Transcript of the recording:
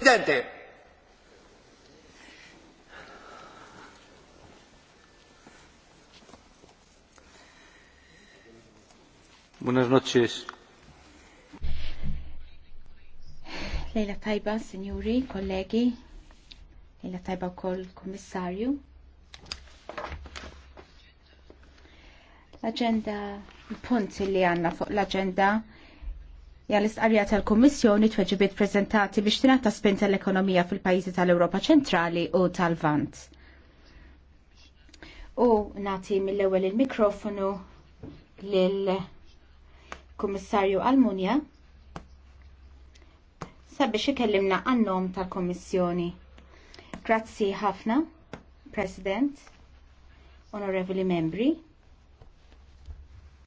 Presidente. Buenas noches. Lejla tajba, signori, kollegi, lejla tajba kol kommissarju. L-agenda, il-punt li għanna fuq l-agenda Ja l-istqarrija tal-Kummissjoni tweġibiet preżentati biex tingħata spinta l-ekonomija fil-pajjiżi tal-Ewropa ċentrali u tal-Vant. U nati mill-ewwel il-mikrofonu lil Kummissarju Almunja sabiex ikellimna għannom tal-Kommissjoni. Grazzi ħafna, President, Onorevoli Membri.